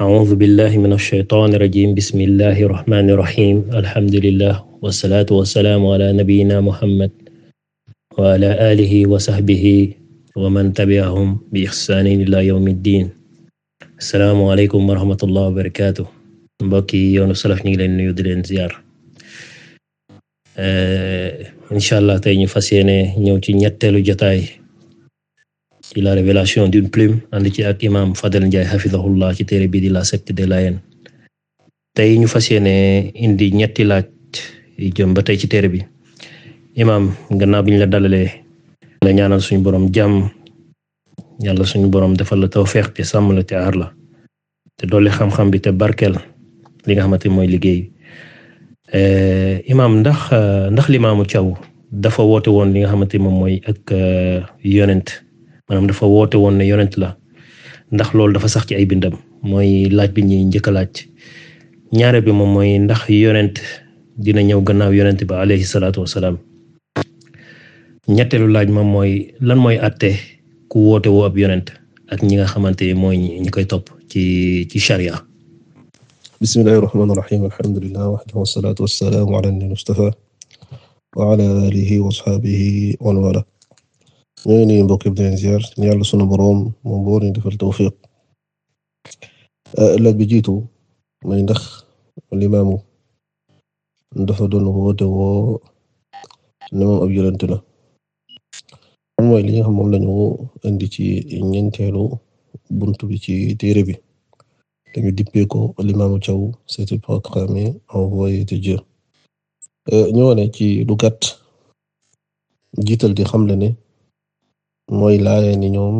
أعوذ بالله من الشيطان الرجيم بسم الله الرحمن الرحيم الحمد لله والصلاة والسلام على نبينا محمد وعلى آله وصحبه ومن تبعهم بإحسان إلى يوم الدين asalaamaaleykum wa rahmatullah wa barakaatu mbokk yi yoonu salaf ñu ngi leen nuyu di leen ziar eh, incha allah tey ñu fas yéene ñëw ci ñetteelu jotaay ci la révélation d'une plume ànd ci ak imam Fadel Ndiaye hafizahullah ci téere bi di la secte des Layènes tey ñu fas yéene indi ñetti laaj jëm ba tey ci téere bi imam gannaaw bi ñu la dalalee la ñaanal suñu borom jàmm yàlla suñu borom defal la tawfeex te sàmm la te aar la te dolli xam-xam bi te barkeel li nga xamante mooy liggéey eh, imam ndax ndax limaamu Thiaw dafa woote woon li nga xamante moom mooy ak eh, yonent maanaam dafa woote woon ne yonent la ndax loolu dafa sax ci ay bindam mooy laaj bi ñuy njëkk a laaj ñaare bi moom mooy ndax yonent dina ñëw gannaaw yonent ba alayhi salaatu wasalaam ñetteelu laaj moom mooy lan mooy àtte ku woote woo ab yonent ak ñi nga xamante ni mooy ñi koy topp ci ci sharia bismillahi rahmaani rahiim alhamdulilah wahdahu wasalaatu wasalaamu ala mustafa wa ala wa ashabihi ñu ngi nuyu mbokk yi di leen ziar yàlla sunu boroom moom boo leen defal tawfiq eh, laaj bi jiitu may ndax limaamu dafa doon woote woo ne moom ab yonent la man mooy li nga xam moom lañu indi ci bi ci téere bi dañu dippee ko limaamu Thiaw c'était programmé envoyé de Dieu eh, ñoo ci lu gàtt jiital di xamle ne mooy laayee ni ñoom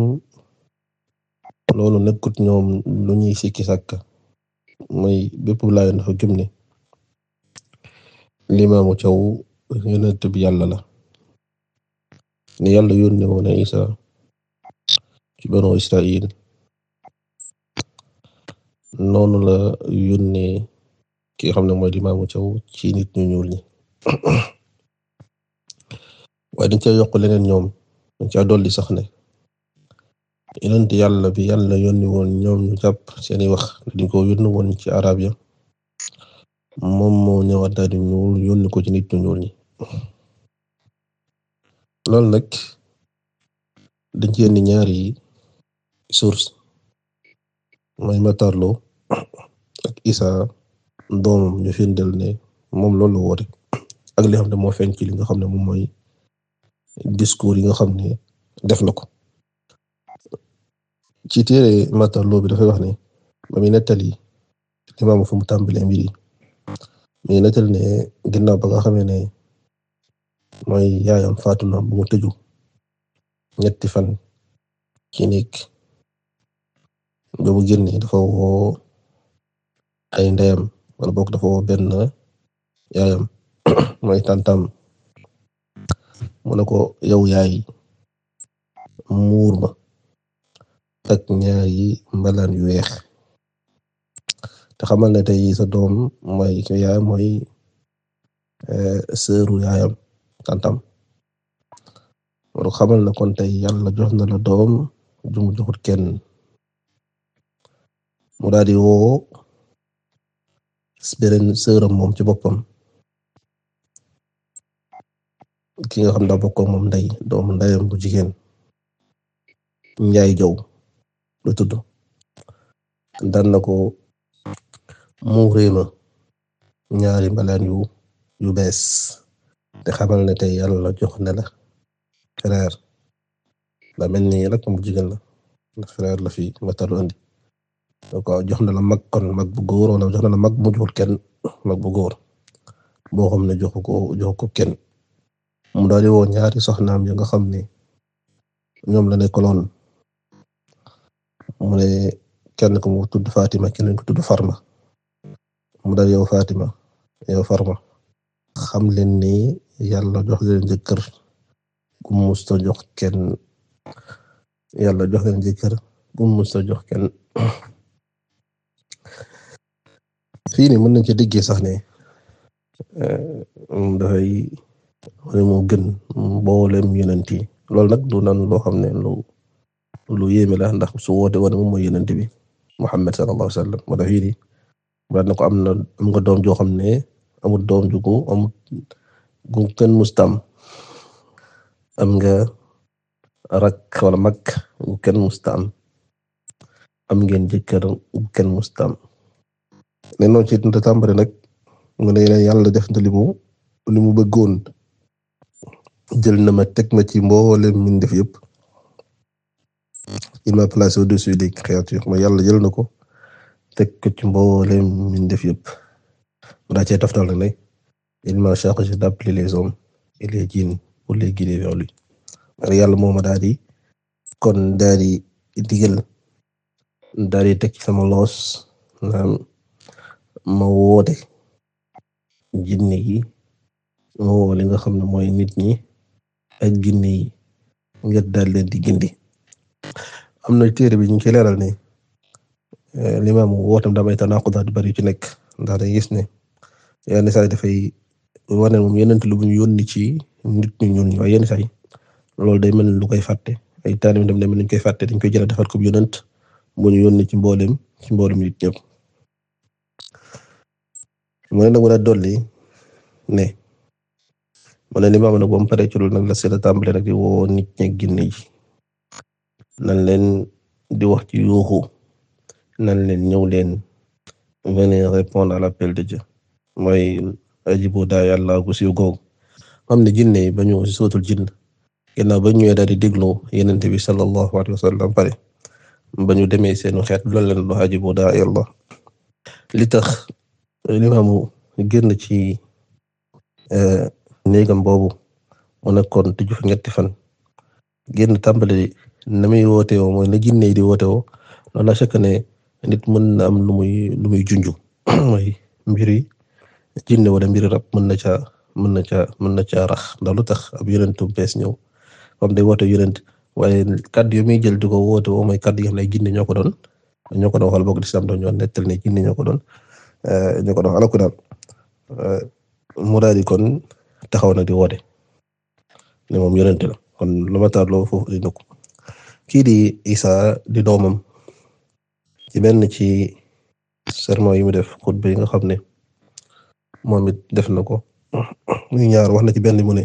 loolu nekkut ñoom lu ñuy sikki sàkk mooy bépp laayee dafa gëm ne limaamu caw yonent bi yàlla la ni yàlla yónne woon Isa ci banu Israil noonu la yónne ki xam ne mooy limaamu caw ci nit ñu ñuul ñi dañ ca yokk leneen ñoom ca dolli sax ne yonent yàlla bi yàlla yónni woon ñoom ñu jàpp seeni wax dañ ko yónni woon ci arab ya moom moo ñëwaat daal ñuul yónni ko ci nit ñuul ñi loolu nag dañ ci ñaari source mooy matarlo ak isa doomam ñu firndeel ne moom loolu woote ak li xam ne moo feeñ ci li nga xam ne moom mooy discours yi nga xam ne def na ko ci téere Matar Lo bi dafay wax ne ba muy nettali imaamu fu mu tàmbalee mbir yi muy nettali ne ginnaaw ba nga xamee ne mooy yaayam faatu na bu ñetti fan ci nekk ba mu génne dafa woo ay ndeyam wala boog dafa yaayam mooy mu ne ko yow yaay muur ma ak ñaari mbalaan yu weex te xamal na tey sa doom mooy ko yaay mooy eh, seeru yaayam tantam wala xamal na kon tey yàlla jox na la doom ju mu joxut kenn mu daal di woo beneen seeram moom ci boppam. ki nga xam ne daa bokk ak moom ndey doomu ndeyam bu jigéen Njaay Jaw lu tudd daan na ko muuree na ñaari mbalaan yu yu bees te xamal ne tey yàlla jox na la frère la mel ni rek mu jigéen la ndax frère la fi matalu andi donc jox na la mag kon mag bu góor wala jox na la mag bu joxul bu góor boo xam ne joxu ko joxu kenn. mu daal di woo ñaari soxnaam yu nga xam ne ñoom la nekkaloon mu ne kenn ku mu tudd Fatima kenn ku tudd Farma mu daal yow Fatima yow Farma xam leen ni yàlla jox leen jëkkër gu musta jox kenn yàlla jox leen jëkkër gu musta jox kenn fii ni mën nañ ci déggee sax ne wala moo gën mboolem yonent yi loolu nag du naan loo xam ne lu lu ndax su woote woon moom mooy yonent bi Muhammad sallallahu alayhi wasallam moo tax fii na ko am na am nga doom joo xam ne amul doom ju ko amul mustam am nga rak wala mag gu kenn mustam am ngeen jëkkër gu kenn mustam ne noonu ci tàmbali nag mu ne yàlla def na li mu bëggoon jël na ma teg ma ci mboolem min def yëpp il m'a placé au-dessus des créatures ma yàlla jël na ko teg ko ci mboolem min def yëpp mu daa cee taftal na ne il m'a chargé d'appeler les hommes et les djinns pour les ma yàlla moo ma daal di kon daal di digal daal di teg ci sama loos ma woote jinne yi ma li nga xam ne mooy nit ñi ak jinne yi ngir daal leen di gindi am na téere bi ñu ngi koy leeral ne eh, limaam wootam damay tanaaqudaat bari ci nekk ndax day gis ne yenn saa yi dafay wane moom yeneen lu ñu yónni ci nit ñu ñun waaye yenn saa yi loolu day mel lu koy fàtte ay taalim dem day mel ni koy fàtte dañ koy jël defar ko yonent bu ñu yónni ci mboolem ci mboolem nit ñëpp mu ne nag war a dolli ne mu ne limaam nag ba mu paree ci loolu nag la si la tàmbale nag di woo nit ñi ginne yi nan leen di wax ci yuuxu nan leen ñëw leen venez a la l'appel de Dieu mooy ajibu daa yàlla gu siiw googu xam ne jinne yi ba sootul jinn ginnaaw ba ñëwee daal di déglu yenente bi sallallahu alayhi wa sallam pare demee seenu xeet loolu leen lu ajibu daa li tax limaamu génn ci euh, néegam boobu mu nekkoon di jëf ñetti fan génn tàmbali na muy woote woo mooy na jinne di woote woo loolu la chaque ne nit mën na am lu muy lu muy junju mooy mbiri jinne wala mbiri rab mën na caa mën na caa mën na caa rax ndax lu tax ab yonentu bees ñëw comme day woote yonent waaye kaddu yu muy jël di ko woote woo mooy kaddu yi jinne ñoo ko doon ñoo ko doon waxal sam doo doon ñoo nettal ne jinne ñoo ko doon eh, ñoo ko doon alaku daal eh, kon taxaw na di woote ne moom yonent la kon lu ma taaloo foofu di nukk kii di Isa di doomam ci benn ci sermon yi mu def xutba yi nga xam ne moom it def na ko ñu ñaar wax na ci benn mu ne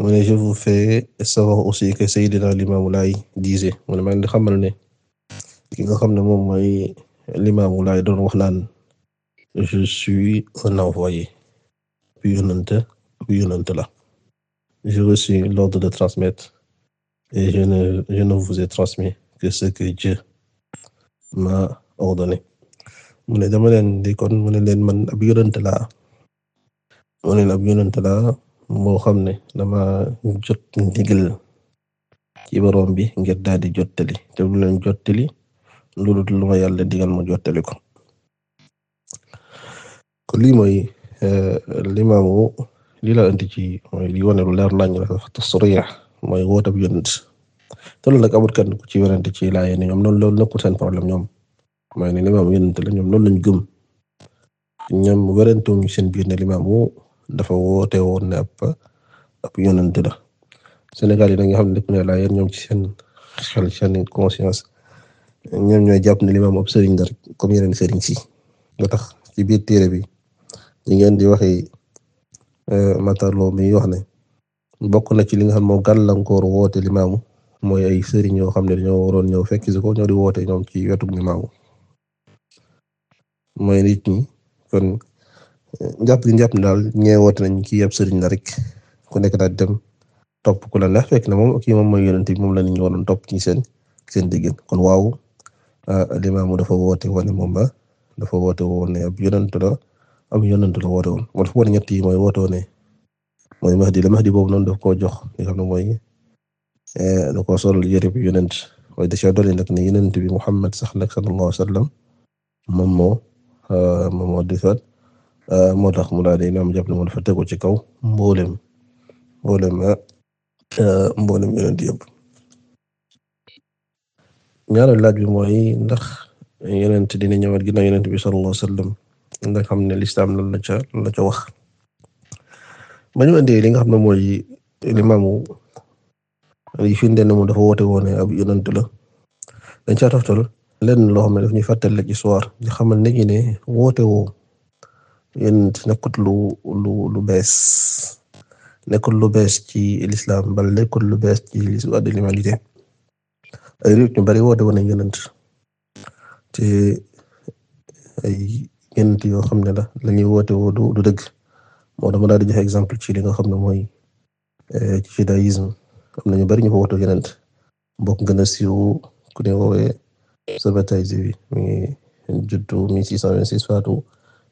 mu ne je vous fais savoir aussi que Seydina Limaamu Laay disait ne maa ngi xamal ne ki nga xam ne moom mooy Limaamu Laay doon wax naan je suis un envoyé bu yonent bu yonent la j'ai reçu l'ordre de transmettre et je ne je ne vous ai transmis que ce que m'a ordonné mu ne dama leen di kon mu ne leen man ab yonent laa mu ne ab yonent laa moo xam ne dama jot ndigal ci borom bi ngir daal di jottali te lu leen jottali loolu lu ma yàlla digal ma jottali ko ko lii limaamu euh, lii la indi ci mooy lii wane lu leer lañ la tasrix mooy woote bu yonent te loolu nag amul kenn ku ci werante ci laayee ne ñoom loolu loolu nekkul seen problème ñoom mooy ne limaamu yonent la ñoom loolu lañ gëm ñoom werantewuñu seen biir ne limaamu dafa woote woon ne ab ab yonent la Sénégal yi da nga xam ne lépp ne laayeen ñoom ci seen xel seen conscience ñoom ñooy jàpp ne limaam ab sëriñ la rek comme yeneen sëriñ si nga tax ci biir téere bi li ngeen di waxee euh, mataloo mi wax ne bokk na ci li nga xam moo gàllankoor woote limaamu mooy ay sëriñ yoo xam ne dañoo waroon ñëw fekk si ko ñoo di woote ñoom ci wetu limaamu mooy nit ñi kon njàpp euh, gi njàpp daal ñee woote nañ ki yab sëriñ na rek ku nekk daal dem topp ku la neex fekk na moom kii moom mooy yonent bi moom la nit ñi waroon topp ci seen seen diggante kon waaw ah, limaamu dafa woote wane moom ba dafa woote woon ne ab yonent la ab yonent la woote woon wala fu war ñett yi mooy woote woon ne mooy Mahdi la Mahdi boobu noonu daf koo jox li nga xam ne mooy eh, da koo sol yére bi yonent waaye da cee dolli nag ne yonent bi Muhammad sax nag sallallahu alayhi wa sallam moom moo ah, moom moo defaat ah, moo tax mu daal di imaam jàpp ne moom dafa tegu ci kaw mboolem mboolem ah, mboolem yonent yëpp ñaareelu laaj bi mooy ndax yonent dina ñëwaat ginnaaw yonent bi sallallahu alayhi nga xam ne lislaam lan la ca lan la ca wax ba ñu andi li nga xam ne mooy limaamu yi fi mu moom dafa woote woon ab yonent la dañ caa toftal lenn loo xam ne daf ñuy fàttali rek histoire ñu xamal nit ñi ne woote woo yonent nekkut lu lu lu bees nekkul lu bees ci lislaam bal nekkul lu bees ci l'histoire de l'humanité ay réew ñu bari woote woon yonent te ay gént yoo xam ne la la ñuy woote woo du du dëgg moo dama daal di joxe exemple ci li nga xam ne mooy eh, ci judaïsme am na ñu bari ñu ko woote yeneen mbokk gën a siiw ku ne woowee Sabbatayzi bi mi ngi juddu mille six cent vingt six faatu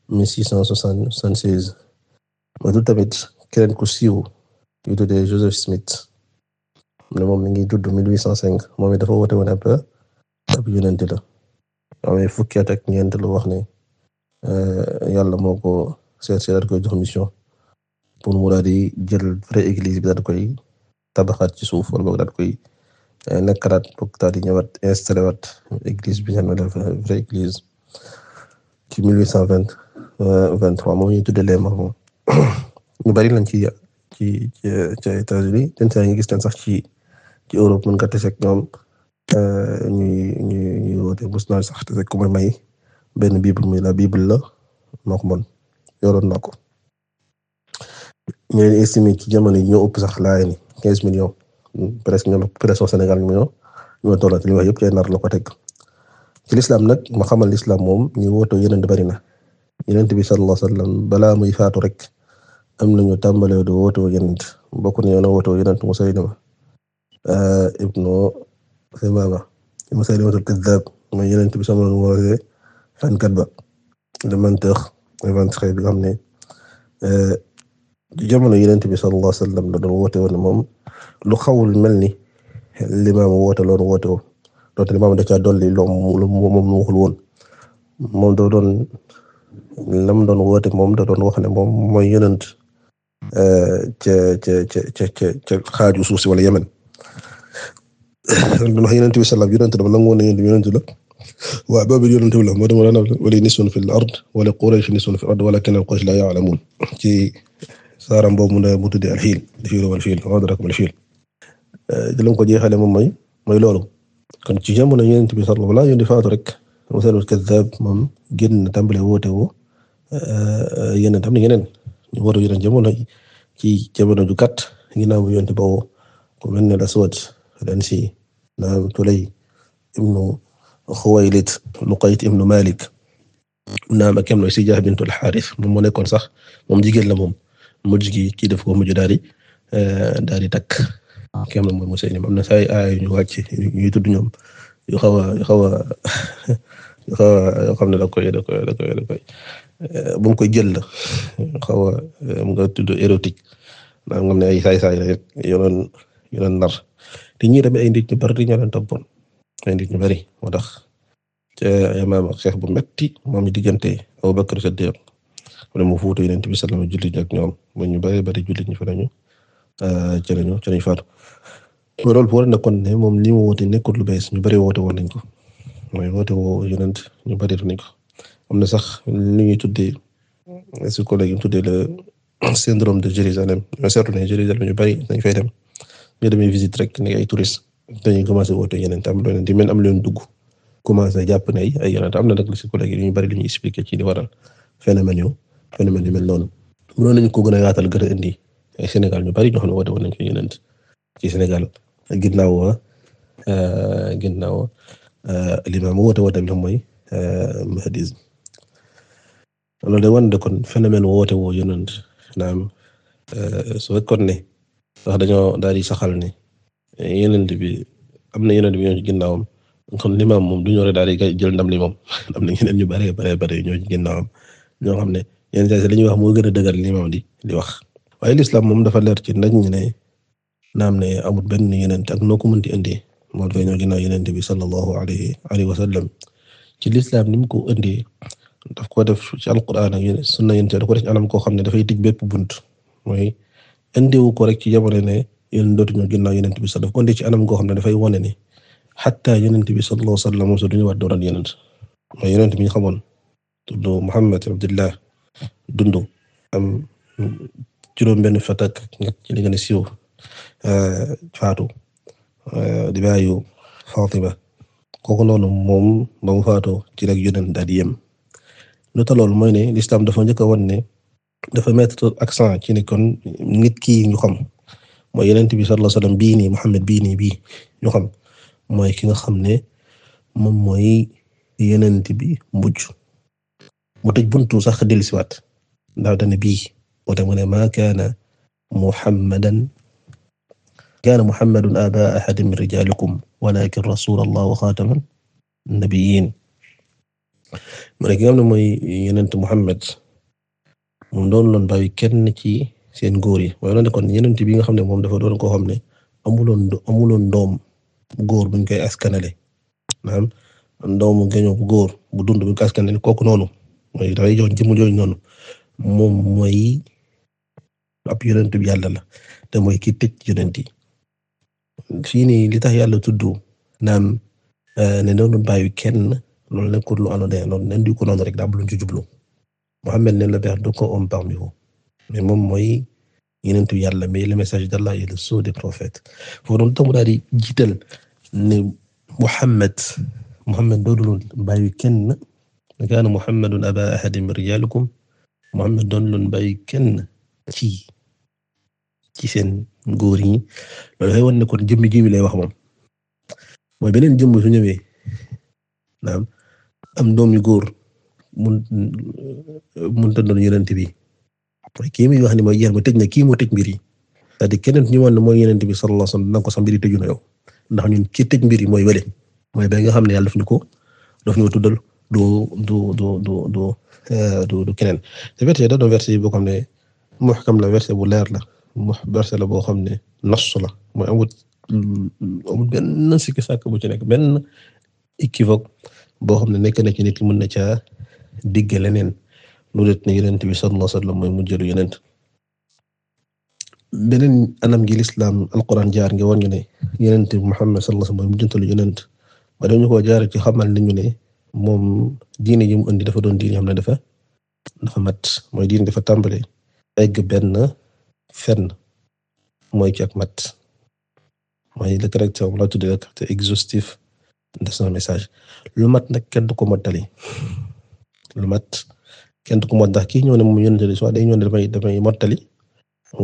mille six cent soixante seize mooy du tamit keneen ku siiw yu tuddee Joseph Smith ne moom mi ngi juddu mille huit cent cinq moom it dafa woote woon ab ab yonent la amee fukki at ak ñeent lu wax ne Euh, yàlla moo ko seet seet koy jox mission pour mu daal di jël vraie église bi daal koy tabaxaat ci suuf wala boog daal koy euh, nekkaraat boog daal di ñëwaat installé waat église bi nga xam ne vraie église ci mille huit cent vingt euh, vingt trois moom ñu tuddee les Mormons ñu bari lañ ci ci ci États-Unis dañ saa gis leen sax ci ci Europe mën nga tase ak ñoom ñuy ñuy woote bés naa sax tase ku may may. benn bible muy la bible la moo ko mën yoroon na ko ñu ci jamono yi ñoo ëpp sax laay ni quinze millions hmm, presque ñoom pression Sénégal ñoo ñoo tollante li wax yëpp cay nar ko teg ci nag ma xamal moom ñu wooto yeneen bari na yeneen bi sallallahu alayhi wasallam balaa muy faatu rek am nañu tàmbalee di wooto yeneen bokk na yoon wooto yeneen Musaylima euh, ibnu Thiamama Musaylimatul Kaddaab mooy yeneen bi sama wootee fenkat ba le menteur le ventre bi nga ne euh, jamono Yonent bi sallallahu alayhi wa sallam doon woote woon moom lu xawul mel ni limaam woote loon woote woon doonte limaam caa dolli loom moom mu moom da doon lam doon woote moom da doon wax ne moom mooy yënant euh, ca ca ca ca ca xaaju suuf si wala Yemen doon wax Yonent bi sallallahu alayhi wa sallam yonent la ba na yonent waa boobu yonent bi la moo demoon naan wala nisfun fil ard wala Quraysh nisfun fil ard walaakinna Quraysh laa ya'lamuun ci saaram boobu mu de mu tudd al-Fiil al-Fiil wal Fiil wa maa adraaka mal Fiil eh, la ko jeexale moom mooy mooy loolu kon ci jamono yonent bi sallallahu alayhi wa sallam faatu rek Musaylimatu al-Kazzaab moom génn tàmbale woote woo eh, eh, yeneen tam yeneen ñu woote ci jamono ju gàtt ginnaaw yonent ba woo ku mel ne al-Aswad al-Ansi na Tulay ibnu Xuwaylid Luqayt ibn Malik naam ak am na Sijaah bint al moo nekkoon sax moom jigéen la moom mujj gi kii daf ko mujj daal di eh, daal di takk ah. ki am na mooy Musaylim am na say aay ñu wàcc ñuy tudd ñoom yu xaw a yu xaw a yu xaw a eh, bu mu koy jël la xaw a eh, mu nga tudd saay saay la rek yu doon yu doon nar te ñii ay nit bari ñoo leen toppoon ay nit ñu bari moo tax ca imaam xeex bu metti moom ñu diggante Abu Bakr Siddiq wala mu fuutu Yonent bi sallallahu alayhi wasallam jullit ak ñoom mu ñu bari bari jullit ñi fa lañu ah, ci lañu ci lañu loolu bu war kon ne moom li mu woote nekkul lu bees ñu bari woote woon nañ ko mooy woote woo Yonent ñu bari nañ ko am na sax lu ñuy tuddee su collègue yi mu tuddee le syndrome de Jérusalem ñu seetlu ne Jérusalem ñu bari dañ fay dem ñu demee visite rek ni ay touristes dañuy commencé woote yeneen tam doon di men am leen dugg commencé jàpp ne ay yeneen am na nag psychologue yi ñu bari li ñuy expliquer ci li waral phénomène yu phénomène yu mel noonu. mënoon nañu ko gën a yaatal gën a indi ay Sénégal ñu bari ñoo xam ne woote woon nañu ko yeneen ci Sénégal ginnaaw wa ah, euh, ginnaaw euh, li ma ma woote wo bi mooy euh, mahdisme loolu day wan de kon phénomène woote woo yeneen naam su fekkoon ne wax dañoo daal di saxal ne. yenent bi am na yenent bi ñoo ci ginnaawam kon limaam moom du ñu a daal di jël ndam li moom am na ñeneen ñu bare bare bare ñoo ci ginnaawam ñoo xam ne yenn saa si li ñuy wax moo gën a dëgër limaam di di wax waaye lislaam moom dafa leer ci ndañ ñi ne naam ne amul benn yenent ak noo ko mënti indi moo dafa ñoo ginnaaw yenent bi sallallahu alayhi alayhi wa sallam ci lislaam ni mu ko indi daf ko def ci alquran ak sunna yenent da ko def ci koo xam ne dafay tij bépp bunt mooy indiwu ko rek ci jamono ne yéen dootuñu ginnaaw yonent bi sax daf ko indi ci anam goo xam ne dafay wone ni xataa yonent bi sallallahu alayhi wa sallam mosu duñu war dooran yonent mooy yonent bi ñu xamoon tudd Muhammad Abdullah dund am juróom-benn fukk ak ñett li gën a siiw eh, faatu eh, di Fatima kooku noonu moom ba mu faatoo ci rek yonent daal di yem lu loolu mooy ne l'islam dafa njëkk a wan dafa mettre accent ci ne kon nit ki ñu mooy yonent bi sallallahu alayhi wasallam bii nii Muhammad bii nii bii ñu xam mooy ki nga xam ne moom mooy yonent bi mujj mu tëj buntu sax dellusiwaat ndax dana bii moo tax mu ne maa kaana Muhammadan kaana Muhammadun abaa ahadin min rijaalikum walaakin rasuulallahi wa xaataman nabiyyiin mu ne ki nga xam ne mooy yonent Muhammad moom doon loon bàyyi kenn ci seen góor yi waaye loolu kon yeneen bi nga xam ne moom dafa doon ko xam ne amuloon amuloon doom góor buñ koy askanale doomu gëñoo bu góor bu dund buñ koy askanale kooku noonu mooy dafay jox jëmm jooju noonu moom mooy ab yonent bi la te mooy ki tëj yonent yi fii nii tax yàlla tudd naan eh, ne doonu bàyyi kenn loolu nekkul lu anodin loolu nen di ko rek daa am lu ñu ci jublu Muhammad ne la beex du ko om parmi vous mais moom mooy yonentu yàlla mais le message d'Allah est le sceau des prophètes foofu noonu tam mu daal di jiital ne Muhammad Muhammad doonul bàyyi kenn kaana Muhammadun aba ahadin min rijaalikum Muhammad doonul bàyyi kenn ci ci seen góor yi loolu dafay wan ne kon jëmmi ji lay wax moom mooy beneen jëmm su ñëwee naam am doom yu góor mun mun ta doon yonent bi mooy kii muy ni mooy jeex ma tëj na kii moo tëj mbir mooy yonent bi sallallahu na ko sa mbir yi tëju na yow ndax mooy wele mooy ba nga xam ne yàlla daf ñu ko daf ñu tuddal du du du du du euh, du du keneen te verset da doon boo xam ne muhkam la verset bu leer la mu verset la boo xam ne nas la mooy amut amut benn sikki sàkk bu ci nekk benn équivoque boo xam ne nekk na ci nit mën na caa digg leneen. lu det ne yonent bi sallallahu alayhi wasallam mooy mujjëlu yonent beneen anam gi lislaam alquran jaar nga won ñu ne yonent bi Muhammad sallallahu alayhi wasallam mooy mujjantalu yonent ba dañu ko jaar ci xamal ni ñu ne moom diine yi mu dafa doon diine xam ne dafa dafa mat mooy diine dafa tàmbale egg benn fenn mooy ci ak mat mooy le caractère wala tudde le caractère de son message lu mat nag kenn du ko mottali lu mat kenn du ko mot ndax kii ñëw ne moom yónni la soit day ñëw ne damay damay mottali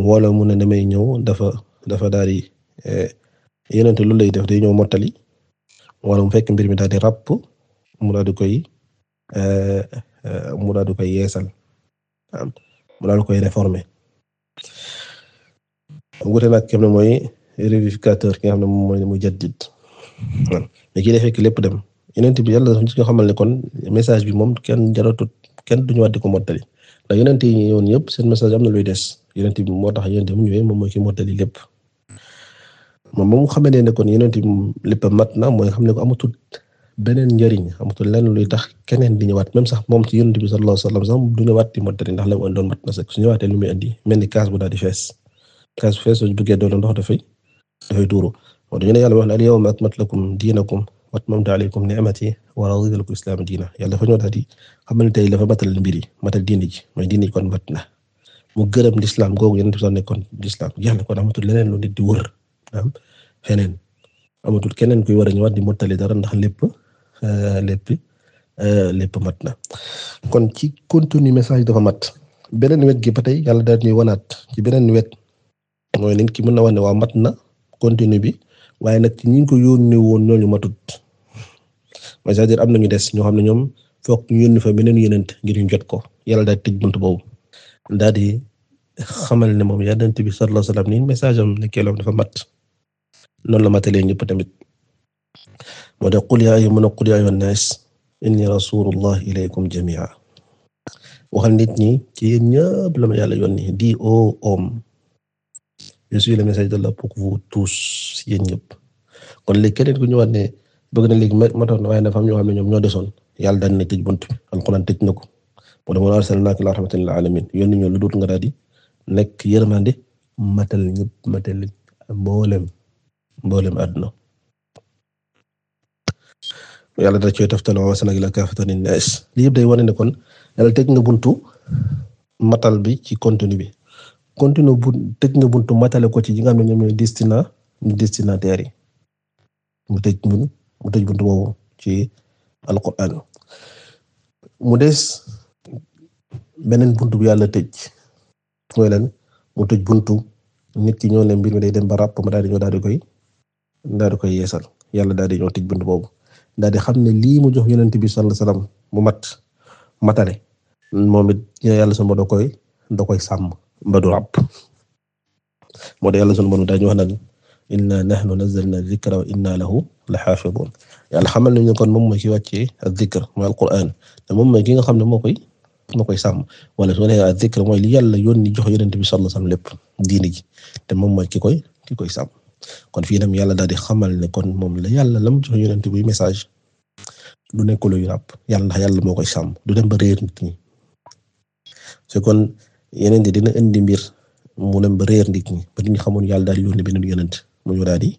wala mu ne damay ñëw dafa dafa daal di eh, yónni lu lay def day ñëw mottali wala mu fekk mbir mi daal di ràpp mu daal di koy eh, eh, mu daal di koy yeesal mu daal di koy réformer. wute nag kenn mooy revivificateur ki nga xam ne moom mooy mujaddid mais kii fekk lépp dem yónni bi yàlla dafa ñu xamal ne kon message bi moom kenn jaratut. kenn duñu waddi ko mottali ndax yonent yi ñu ñëwoon yëpp seen message am na luy des yonent moo tax yonent bi mu ñëwee moom mooy ki mottali lépp moom moom xamee ne ne kon yonent bi lépp mat na mooy xam ne ko amatul beneen njariñ amatul lenn luy tax keneen di ñëwaat même sax moom ci yonent bi sallallahu alayhi wasallam sax du ñëwaat di mottali ndax la mu doon mat na sax su ñëwaatee lu muy andi mel ni kaas bu daal di fees kaas bu fees soo duggee doon ndox dafay dafay tuuru moo tax ñu ne yàlla wax atmamtu alaykum ni'mati wa raditu a islaama diina yàlla dafa ñëw daal di xamal tey dafa matal mbir yi matal diine ji mooy diine ji kon mat na mu gërëm lislaam googu yéen a doon nekkoon lislaam jeex na kon amatul leneen lu nit di wër am feneen amatul keneen war a ñëwaat di mottali dara ndax lépp lépp lépp mat na kon ci continue message dafa mat beneen wet gi ba tey yàlla daal ñuy wanaat ci beneen wet mooy nit ki mën na wax ne waa mat na contenu bi waaye nag ci ñi ko yónnee woon ñooñu matut mooy cest am na ñu des ñoo xam ne ñoom foog ñu yónni fa beneen yonent ngir ñu jot ko yàlla daal tëj bunt boobu daal di xamal ne moom yonent bi sallallahu alayhi wasallam ni message am ne keeloom dafa mat noonu la matalee ñëpp tamit moo tax qul yaa ayyuha qul yaa ayyuhan naas inni rasulullah ilaykum jami'a waxal nit ñi ci yéen la ma yàlla yónni di o homme je suis le message d'Allah pour vous tous yéen ñëpp kon léegi keneen ku ñëwaat ne bëgg na léegi matoon na waaye dafa am ñoo xam ne ñoom ñoo desoon yàlla daan na tëj bunt bi alxuraan tëj na ko mu ne wa arsalnaaka ilaa rahmatan lil aalamiin yónni ñu lu dul nga daal di nekk yërmande matal ñëpp matal mboolem mboolem àdduna yàlla da cee taftal wa arsalnaaka la kaafatan linnaas lii yëpp day wane ne kon yàlla tëj na buntu matal bi ci contenu bi contenu bu tëj na buntu matale ko ci ñi nga xam ne ñoom ñooy yi mu tëj buntu boobu ci alquran mu des beneen buntu bu yàlla tëj mu tëj buntu nit ki ñoo ne mbir mi day dem ba ràpp ma daal ñoo ñëw daal di koy daal koy yeesal yàlla daal di ñëw tëj buntu boobu daal di xam ne lii mu jox yonent bi sallallahu alayhi wasallam mu mat matale moom it yàlla sama da koy da koy sàmm ba du ràpp moo tax yàlla sunu mën dañu wax naan inna nahnu nazzalna dhikra wa inna lahu lahafidun yàlla xamal nañu kon moom mooy ki wàccee adh-dhikr mooy alquran te moom mooy ki nga xam ne moo koy moo koy sàmm wala su ne adh-dhikr mooy li yàlla yónni jox yonent bi sallallahu alayhi wasallam lépp diini ji te moom mooy ki koy ki koy sàmm kon fii nam yàlla daal di xamal ne kon moom la yàlla lam jox yonent bi message du nekkul yu ràpp yàlla moo koy sàmm du dem ba réer nit ñi su kon yeneen dina indi mbir mu dem ba réer nit ñi ba nit xamoon yàlla daal di yónni beneen mu ñu daal di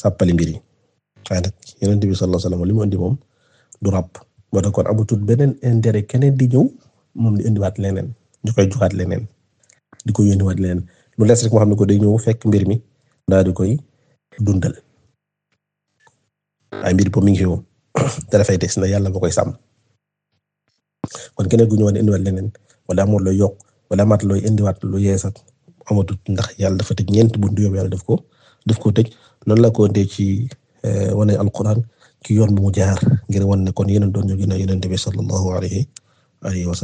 sàppali mbir yi waaye bi sallallahu alayhi wasallam li mu indi moom du ràbb moo tax kon amatul beneen intérêt keneen di ñëw moom di indiwaat leneen ñu koy joxaat leneen di ko yónniwaat leneen lu lees rek moo xam ne ko day ñëw fekk mbir mi daal di koy dundal ay mbir boobu mi ngi fi te dafay des na yàlla moo koy sàmm kon keneen ku ñëwaat indiwaat leneen wala amul looy yokk wala amaat looy indiwaat lu yeesat amatul ndax yàlla dafa tëj ñeent buntu yooyu yàlla daf ko daf ko tëj noonu la ko dee ci eh, wane alquran ki yoon bu mu jaar ngir wan ne kon yeneen doon ñu gën a yonent bi sallallahu alayhi alayhi wa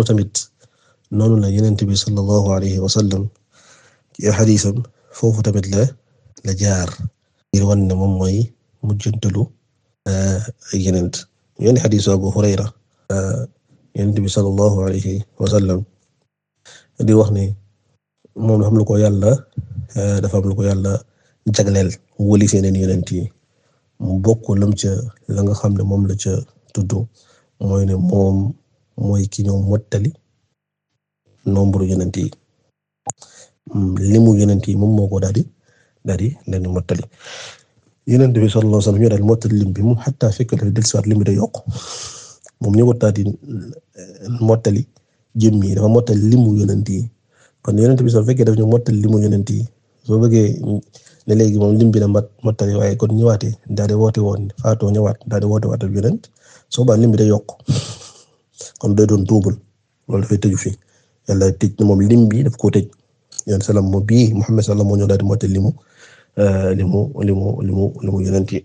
tamit noonu la yonent bi sallallahu wa sallam ci foofu tamit la jaar ngir wan ne moom mooy mujjantalu eh, yeneen yeneen xadiisu Abu Hurayra eh, yonent bi sallallahu alayhi wa sallam di wax ni moom dafa am lu ko yàlla eh, dafa am lu ko yàlla jagleel wëli seeneen yonent yi mu bokk lam ca la nga xam ne moom la ca tudd mooy ne moom mooy ki ñoo mottali nombre yonent yi mm, limu yonent yi moom moo ko daal di daal di daal di mottali yonent bi sallallahu alayhi wasallam ñoo daal mottali bi moom xataa fekk dafa dellusiwaat lim yokk moom ñu eh, mottali. jëm yi dafa mottal limu yonent yi kon yonent bi soo fekkee daf ñu mottal limu yonent yi soo bëggee ne léegi moom lim bi na mat mottali waaye kon ñëwaatee daal woote woon faatoo ñëwaat daal di woote waat ak yonent soo baa lim bi day yokk kon day doon double loolu dafay tëju fi yàlla tëj na moom lim bi daf koo tëj yoon salaam moo bii Muhammad salaam moo ñëw daal di mottal limu euh, limu limu limu limu yonent yi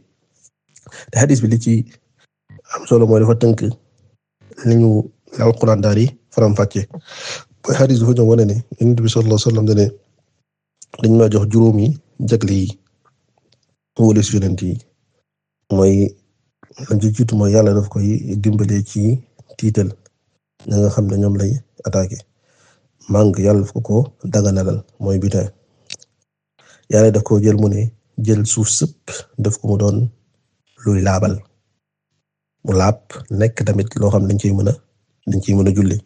te hadis bi li ci am solo mooy dafa tënk li ñu alquran faram-fàccee mooy xadis dafa ñëw wane ne Yonent bi sallallahu alayhi wasallam dane dañ maa jox juróomi jagle yi wala si yonent yi mooy ju jiitu mooy yàlla daf koy dimbale ci tiital ña nga xam ne ñoom lay attaqué màng yàlla daf ko ko mooy butin daf ko jël mu ne jël suuf sëpp daf ko mu doon luy laabal mu laab nekk tamit loo xam dañ ciy mën a dañ ciy mën a julli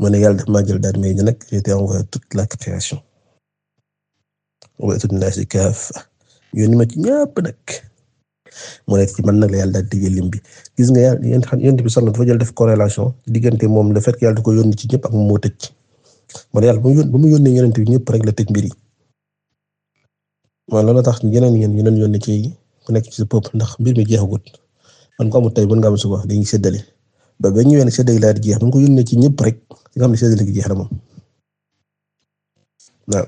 ma ne yàlla daf maa jël daal mais ñu nag j'étais envoyé toute ma ci ñëpp nag mu nekk ci man nag la yàlla daal di jël lim bi gis nga yàlla yéen xam yéen bi sallallahu dafa jël def corrélation diggante moom le fait que yàlla da ko yónni ci ñëpp ak moom moo tëj man yàlla ba mu yónni ba mu yónnee ñëpp rek la tëj mbir yi waaw loolu tax yeneen yéen ñu doon yónni ci ku nekk ci peuple ndax mbir mi jeexagut man ko amul tey mën nga am suba dañuy séddale ba ba ñu yónni jeex ba mu ko yónnee ci ñëpp rek. nga xam ne séddale nga xam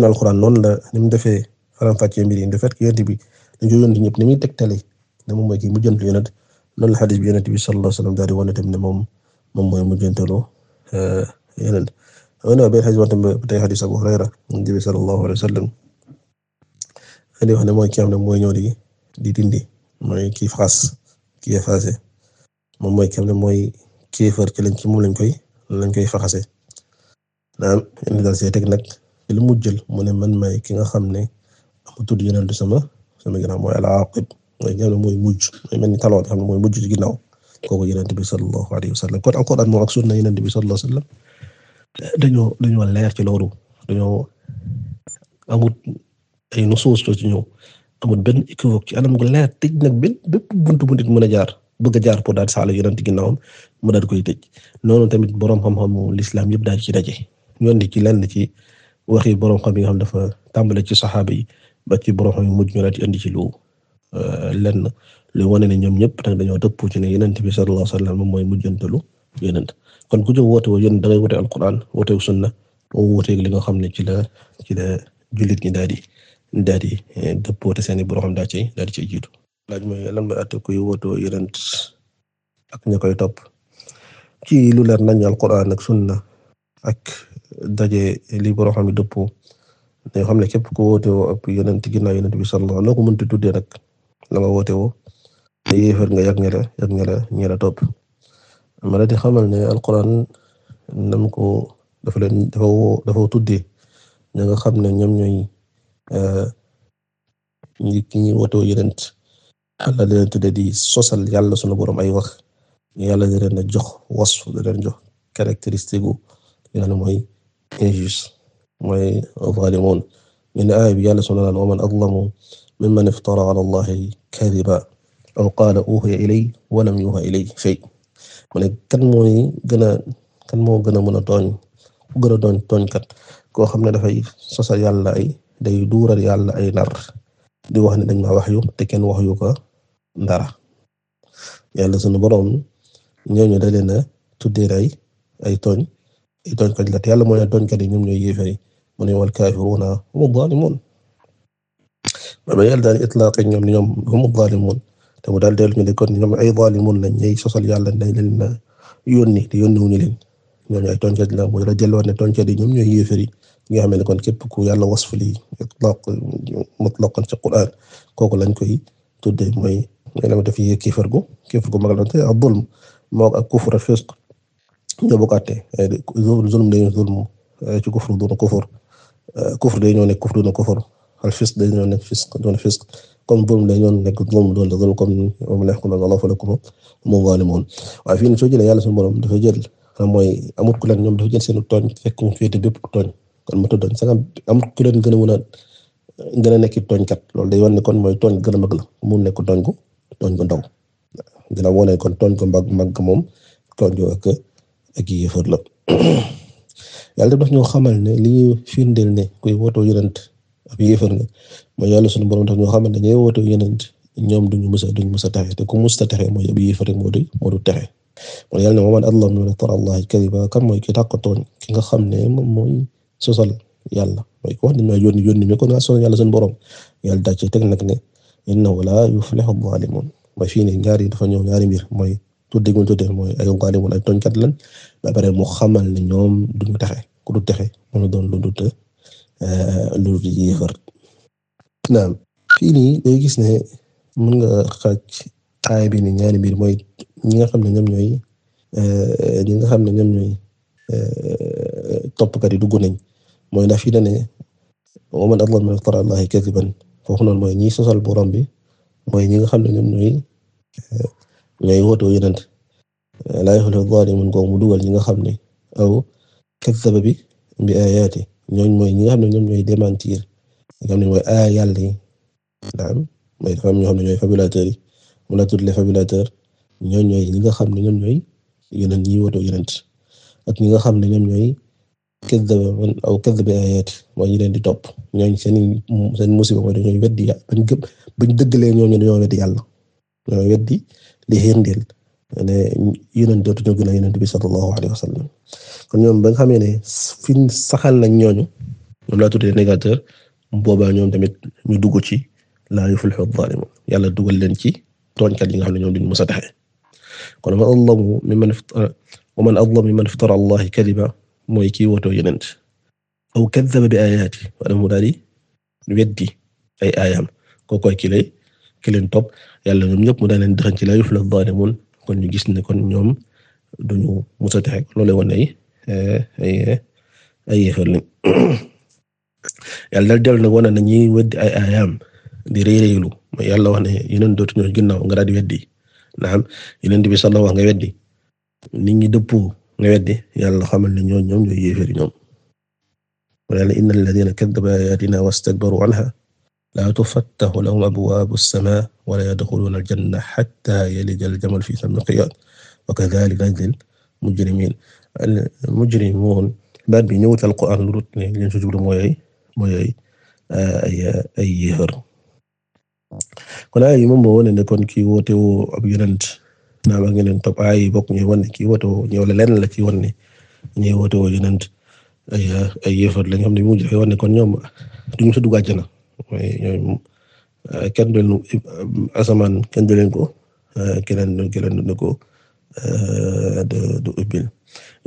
ne alxuraan noonu la ni mu defee faram-fàccee mbir yi le fait que yonent bi dañoo yonent ñëpp ni muy tegtale ne moom mooy kii mujjantu yonent noonu la xadis bi yonent bi sallallahu alayhi wa sallam daal di tamit ne moom moom mooy mujjantalu euh, yonent xam nga benn xadis boo xam ne ba tey xadis ne mooy ki mooy ñëw di di dindi mooy kii faas kii effacé moom mooy ki xam ne mooy kéefar ci lañ ci lañ koy. lañ koy faxase naam indi daal see teg nag ci lu mu jël mu ne man may ki na xam ne amatul yeneen du sama sama ginnaaw mooy al-aaqib mooy ñaar mooy mujj mooy mel ni taloo nga xam ne mooy mujj ci ginnaaw kooku Yonent bi sallallahu alayhi wa sallam kon Alxuraan moom ak sunna Yonent bi sallallahu alayhi wa sallam dañoo dañoo leer ci loolu dañoo amut ay nusuus ci ñëw amut benn équivoque ci anam gu leer tëj nag benn bépp buntu bu nit mën a jaar. bëgg a jaar pour daal saala yonent ginnaawam mu daal koy tëj noonu tamit borom xam-xamu l'islam yëpp daal ci daje ñoon di ci lenn ci waxi borom xam yi nga xam dafa tàmbale ci saxaaba yi ba ci borom xam yi mujj ñu daal ci indi ci lu euh, lenn lu wane ne ñoom ñëpp nag dañoo dëppoo ci ne yonent bi sallallahu alayhi wasallam moom mooy mujjantalu yonent kon ku jóg woote woo yonent da ngay woote alquran wooteeg sunna wooteeg li nga xam ne ci la ci la jullit ñi daal di daal di euh, dëppoo te seen i xam daal ci daal di ciy jiitu. laaj mooy lan mooy àtte kuy wootoo ak ña koy topp ci lu leer nañ alquran ak sunna ak daje li borom xam ne dëppoo dañoo xam ne képp ko woote woo ak yonent ginnaaw yonent bi sallallahu noo ko mënti tuddee nag woote woo te yéefar nga a ñela yàgg ñela di xamal ne alquran nam ko dafa leen dafa woo dafa tuddee ña nga xam ne ñoom ñooy euh, ñi ki ñi wootoo yàlla di leen di sosal yàlla sunu borom ay wax ñu yàlla di leen jox wasf di leen jox caractéristique gu yàlla mooy injuste mooy zalimun min aaya bi yàlla sunu naan wa man azlamu mimman iftara ala allahi kadiba aw qaala uhiya ilay wa lam yuha ilay shay mu ne kan mooy gën a kan moo gën a mën a tooñ gën a doon tooñkat koo xam ne dafay sosal yàlla ay day duural yàlla ay nar di wax ne dañ ma wax yu te kenn wax yu ko dara yàlla sunu borom ñooñu da leen tuddee ay ay tooñ ay tooñkat la te yàlla mooy tooñkat yi ñoom ñooy yéefari mu ne wal kaafiruuna humu zaalimuun ba yàlla daal di itlaaq ñoom ñoom humu zaalimuun te mu daal dellu ñu ne kon ñoom ay zaalimuun lañ ñuy yàlla dañ leen a yónni te yónni wuñu leen ñooñu ay tooñkat la mu dara jëlwaat ne tooñkat yi ñoom ñooy yéefari nga xam ne kon képp ku yàlla wasfali itlaaq mutlaqan ci Qur'aan kooku lañ koy tuddee mooy. lam tafi kifar gu kifar gu magal te ak zulm moo ak kufur ak fisq nga bokkaate zulm day zulm eh, ci kufur doon kufur eh, kufur day ñoo nekk kufur doon kufur al fisq day comme zulm day ñoo nekk zulm doon zulm comme moom la ko Allah fa lakum mu zalimun waaye fii ni soo jëlee yàlla suñu borom dafa jël mooy seen tooñ fekk mu féete bépp tooñ kon mu tooñ sax amut leen gën mën a gën a nekk tooñkat loolu day wan ne kon mooy tooñ gën a mag la mu nekk tooñ ko tooñ ko ndaw dina wone kon tooñ ko mag mag moom tooñ ko ak ak yéefar la yàlla daf ñoo xamal ne li ñuy firndeel ne kuy wootoo yonent ab yéefar nga mooy yàlla sunu borom daf ñoo xamal ne ñooy wootoo yonent ñoom duñu mës a duñu mës a texe te ku mës a texe mooy ab moo du moo du texe mooy yàlla ne wa man ki tàq tooñ ki nga xam ne moom mooy sosal yàlla mooy ko wax ne ma yónni yónni mi ko naa sonal yàlla sunu borom yàlla daa ci teg nag ne innahu laa yuflihu zaalimuun mooy fii nii ñaari dafa ñëw ñaari mbir mooy tudde gu ñu tudde mooy ay zaalimuun ay tooñkat lan ba pare mu xamal ne ñoom duñu texe ku du texe mënu doon lu dut eh, lu dul naam fii nii day gis ne mën nga xaaj aay bi ni ñaari mbir mooy ñi nga xam ne ñoom ñooy eh, ñi nga xam ne ñoom ñooy eh, toppkat yi dugg nañ mooy ndax fii da ne wa man adlamu mimman iftara ala foofu noonu mooy ñi sosal borom bi mooy ñi nga xam ne ñoom ñooy eh, ñooy wootoo yonent laa yaxlu zaalimun googu mu dugal ñi nga xam ne aw kazzaba bi bi ayaati ñooñ mooy ñi nga xam ne ñoom ñooy démentir nga xam ne mooy aaya yàlla yi naam mooy dafa ñoo xam ne ñooy fabulateurs yi mu la tuddee fabulateur ñooñ ñooy ñi nga xam ne ñoom ñooy yonent ñi wootoo yonent ak ñi nga xam ne ñoom ñooy kaddaba man aw kaddaba ayaati mooy ñu leen di topp ñooñ seen seen musiba mooy dañoo weddi yàlla bañ gëm bañ dëggalee ñooñu dañoo weddi yàlla dañoo weddi li xéndeel ne yonent dootuñu gën a yonent bi sallallahu alayhi wa sallam kon ñoom ba nga xamee ne fi saxal nañ ñooñu ñoom laa tuddee négateur boobaa ñoom tamit ñu dugg ci laa yuflihu a dhalimun yàlla dugal leen ci tooñkat yi nga xam ne ñoom duñ mës a taxe kon man adlamu mimman iftara wa man adlamu mimman iftara allahi kadiba mooy kii wootoo yonent aw kaddaba bi ayaati wala mu daal di weddi ay aayam kookoy ki lay ki leen topp yàlla ñoom ñëpp mu daal leen dëxañ ci la yufla zalimun kon ñu gis ne kon ñoom duñu musa texe loolu woon ay ay ay yéefal lañ yàlla wane na ñuy weddi ay aayam di mooy yàlla wax ne yeneen dootu ñoo ginnaaw nga daal di weddi naam yeneen bi sallallahu wax nga weddi nit ñi dëppoo nga weddi yàlla xamal ne ñoo ñoom ñooy yéefér ñoom wala innal ladina kaddabu ayatina wastakbaru anha la tufattahu lahum abwabu as wala yadxuluna al-janna hatta yalija al-jamal fi sammi al-xiyaat wa kadhalika najzi al-mujrimiin al-mujrimuun baat bi ñëwut al-Qur'aan lu dul ne leen ci jublu mooy kon ay moom moo wone ne kon ki woote woo naa ba ngeen leen topp ñu wan ne kii woto ñëw la lenn la ci wan ne ñëw woto yonent ay ay yëfat la nga xam ne mu joxe wan ne kon ñoom duñu sa dugg àjjana mooy ñoom eh, kenn du asamaan kenn du leen ko eh, keneen keneen du ko eh, du du ubbil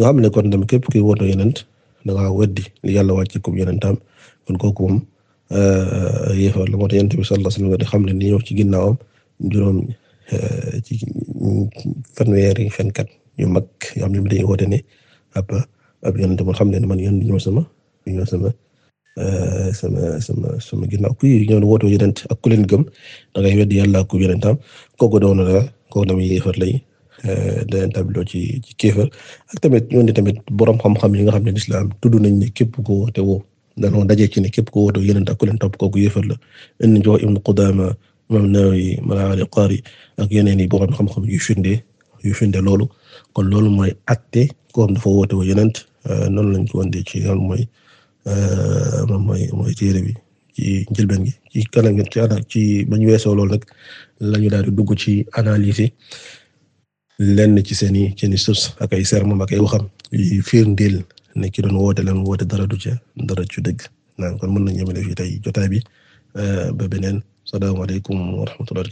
xam ne kon tamit képp kuy woto yonent da ngaa weddi li yàlla wàcce ko yonentam kon kooku moom la moo tax yonent bi sallallahu alayhi wasallam di xam ne ni ñëw ci ginnaawam juróom ci fanweeri fenkat yu mag yoo xam ne dañuy ne ab ab yonent mu xam leen man yonent ñoo sama ñoo sama eh, sama sama ku ginnaaw kuy woto woote yonent ak ku leen gëm da ngay weddi yàlla ak yonentam kooku doon na kooku dama yéefar lay eh, danañ tabloo ci ci kéefar ak tamit ñooñu tamit borom xam-xam yi nga xam ne lislaam tudd nañ ne képp ko woote woo dañoo daje ci ne képp ko woote yonent ak ku leen topp kooku yéefar la indi jox Ibnu Qudaama imaam Nawawi Maal al ak yeneen i borom xam-xam yu firnde yu firnde loolu kon loolu mooy atte ko xam dafa woote wa yeneen euh, noonu lañ ko wandee ci loolu mooy euh, moom mooy mooy téere bi ci njëlbeen gi ci kanam ci ana ci bañ weesoo loolu nag lañu daal di dugg ci analyse lenn ci seen i seen i sos ak ay sermam ak ay waxam yu firndeel ne ki doon woote lan woote dara du ca dara ju dëgg naan kon mën nañ yemale fii tey jotaay bi euh, ba beneen. salaamaaleykum wa rahmatullahi